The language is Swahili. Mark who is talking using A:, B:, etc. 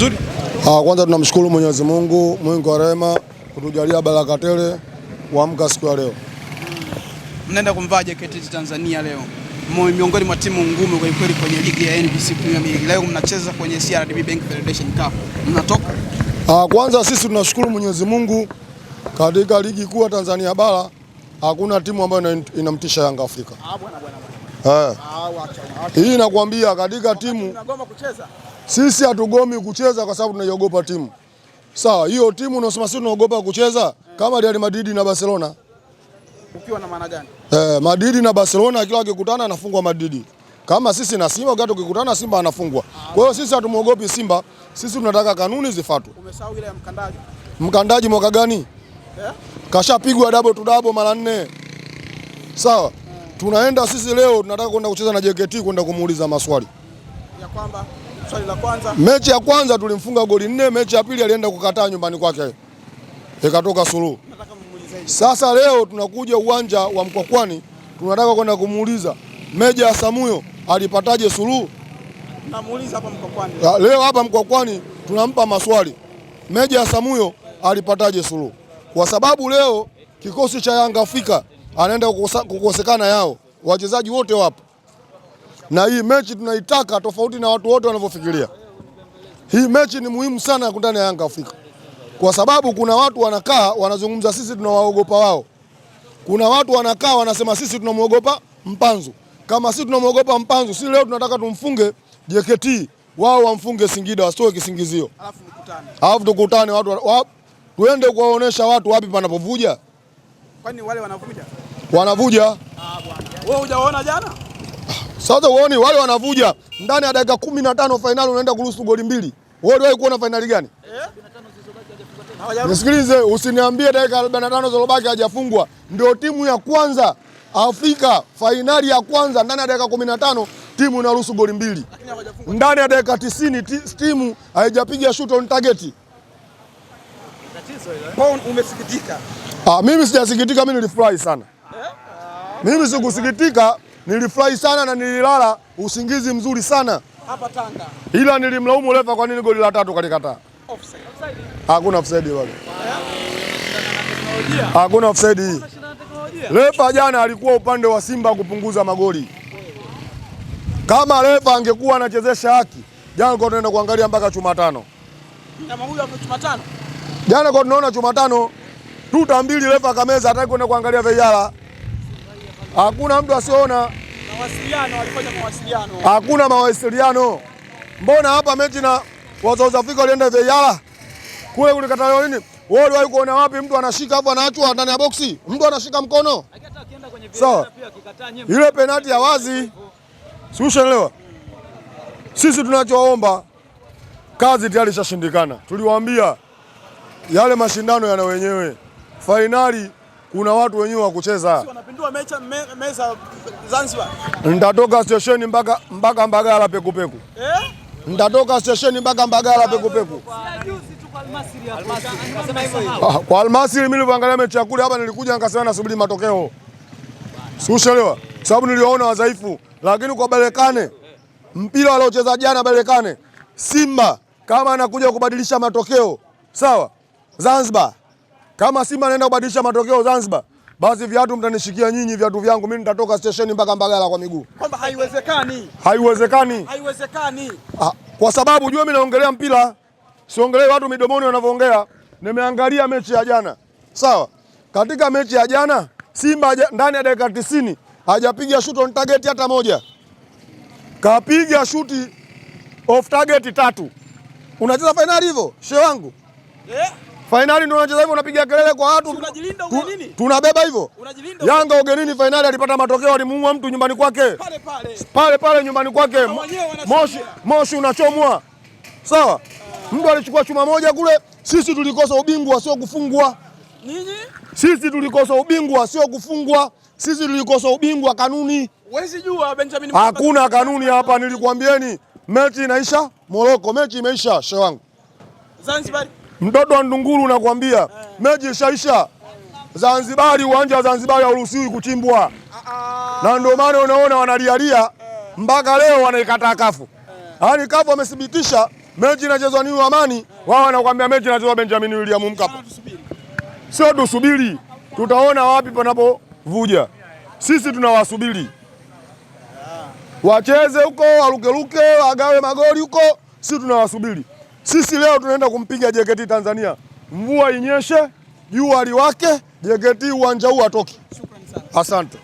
A: vizuri? Ah, kwanza tunamshukuru Mwenyezi Mungu mwingi wa rehema kutujalia baraka tele kuamka siku ya leo.
B: Mnaenda kumvaa JKT Tanzania leo, miongoni mwa timu ngumu kwa kweli kwenye ligi ya NBC Premier League. Leo mnacheza kwenye CRDB Bank Federation Cup. Mnatoka?
A: Ah, kwanza sisi tunashukuru Mwenyezi Mungu katika ligi kuu ya Tanzania bara hakuna timu ambayo inamtisha Yanga Afrika.
B: Ah, bwana bwana bwana.
A: Eh. Ah, wacha. Hii nakwambia katika timu sisi hatugomi kucheza kwa sababu tunaiogopa timu. Sawa, hiyo timu unasema sisi tunaogopa kucheza kama Real Madrid na Barcelona.
B: Ukiwa na maana gani?
A: Eh, Madrid na Barcelona kila wakikutana anafungwa Madrid. Kama sisi na Simba wakati ukikutana Simba anafungwa. Kwa hiyo sisi hatumuogopi Simba, sisi tunataka kanuni zifuatwe.
B: Umesahau ile ya mkandaji.
A: Mkandaji mwaka gani? Yeah. Kashapigwa double to double mara nne. Sawa. Hmm. Tunaenda sisi leo tunataka kwenda kucheza na JKT kwenda kumuuliza maswali.
B: Ya kwamba swali la kwanza.
A: Mechi ya kwanza tulimfunga goli nne, mechi ya pili alienda kukataa nyumbani kwake ikatoka suluhu. Sasa leo tunakuja uwanja wa Mkwakwani, tunataka kwenda kumuuliza Meja ya Samuyo alipataje suluhu.
B: Namuuliza hapa Mkwakwani.
A: Leo hapa Mkwakwani tunampa maswali Meja ya Samuyo alipataje suluhu, kwa sababu leo kikosi cha Yanga Afrika anaenda kukosekana yao wachezaji wote wapo na hii mechi tunaitaka, tofauti na watu wote wanavyofikiria. Hii mechi ni muhimu sana ya kundani ya Yanga Afrika, kwa sababu kuna watu wanakaa wanazungumza sisi tunawaogopa wao, kuna watu wanakaa wanasema sisi tunamwogopa Mpanzu. Kama sisi tunamwogopa Mpanzu, si leo tunataka tumfunge JKT, wao wamfunge Singida, wasitoe kisingizio, alafu tukutane watu wa, tuende kuwaonesha watu wapi panapovuja.
B: Kwani wale wanavuja,
A: wanavuja. Ah,
B: bwana wewe hujaona jana
A: sasa uone wale wanavuja ndani ya dakika kumi na tano fainali unaenda kuruhusu goli mbili. Wewe uliwahi kuona fainali gani? Nisikilize, usiniambie dakika arobaini tano zilizobaki hajafungwa. Ndio timu ya kwanza Afrika fainali ya kwanza ndani ya dakika kumi na tano timu inaruhusu goli mbili ndani ya dakika tisini timu haijapiga shoot on target.
B: Umesikitika?
A: Ah, mimi sijasikitika, mimi nilifurahi sana. Eh? Mimi sikusikitika Nilifurahi sana na nililala usingizi mzuri sana
B: hapa Tanga,
A: ila nilimlaumu refa kwa nini goli la tatu kalikataa. Hakuna offside wale. Hakuna offside hii. Refa jana alikuwa upande wa Simba kupunguza magoli. Kama refa angekuwa anachezesha haki, jana kwa tunaenda kuangalia mpaka chuma tano.
B: Kama huyu hapo chuma tano.
A: Jana kwa tunaona chuma tano. tuta mbili refa kameza hataki kwenda kuangalia VAR. Hakuna mtu asiona. Hakuna mawasiliano. Mbona hapa mechi na wazazi Afrika walienda Veyala kule kulikataliwa nini? Wewe uliwahi kuona wapi mtu anashika hapo anaachwa ndani ya boksi, mtu anashika mkono sawa? So, ile penati ya wazi, si ushanielewa? Sisi tunachoomba kazi tayari ishashindikana. Tuliwaambia yale mashindano yana wenyewe, fainali kuna watu wenyewe wa kucheza. Ndatoka stesheni mpaka mpaka Mbagala pekupeku, eh? Ndatoka stesheni mpaka Mbagala pekupeku ah, kwa Almasiri. Mimi nilipoangalia mechi ya kule hapa nilikuja nikasema nasubiri matokeo, siushelewa sababu niliwaona wadhaifu, lakini kwa Berkane mpira waliocheza jana Berkane, Simba kama anakuja kubadilisha matokeo sawa, Zanzibar kama Simba anaenda kubadilisha matokeo Zanzibar, basi viatu mtanishikia nyinyi, viatu vyangu mimi nitatoka stesheni mpaka Mbagala kwa miguu.
B: Kwamba haiwezekani,
A: haiwezekani,
B: haiwezekani
A: ha, ah, kwa sababu jua mimi naongelea mpira, siongelee watu midomoni wanavyoongea. Nimeangalia mechi ya jana, sawa. Katika mechi ya jana Simba ndani ya dakika 90 hajapiga shoot on target hata moja, kapiga shuti off target tatu. Unacheza fainali hivyo, shehe wangu yeah fainali ndio unacheza hivyo, unapiga kelele kwa watu, tunabeba hivyo. Yanga ugenini fainali alipata matokeo, alimuua mtu nyumbani kwake
B: pale pale,
A: pale, pale nyumbani kwake moshi, moshi unachomwa sawa. Uh, mtu alichukua chuma moja kule. Sisi tulikosa ubingwa sio kufungwa nini? Sisi tulikosa ubingwa sio kufungwa, sisi tulikosa ubingwa kanuni.
B: Huwezi jua Benjamin,
A: hakuna kanuni hapa, nilikwambieni mechi inaisha Moroko, mechi imeisha shewangu Zanzibar Mtoto wa Ndunguru nakwambia, meji ishaisha. Zanzibari, uwanja wa Zanzibari hauruhusiwi kuchimbwa, na ndio maana unaona wanalialia mpaka leo, wanaikataa kafu. Yaani kafu wamethibitisha mechi inachezwa ni Amani, wao wanakuambia mechi inachezwa Benjamin William Mkapa. Sio tusubiri, tutaona wapi panapovuja. Sisi tunawasubiri wacheze huko, warukeruke, wagawe magoli huko, sisi tunawasubiri. Sisi leo tunaenda kumpiga JKT Tanzania, mvua inyeshe jua liwake, JKT uwanja huu atoki. Asante.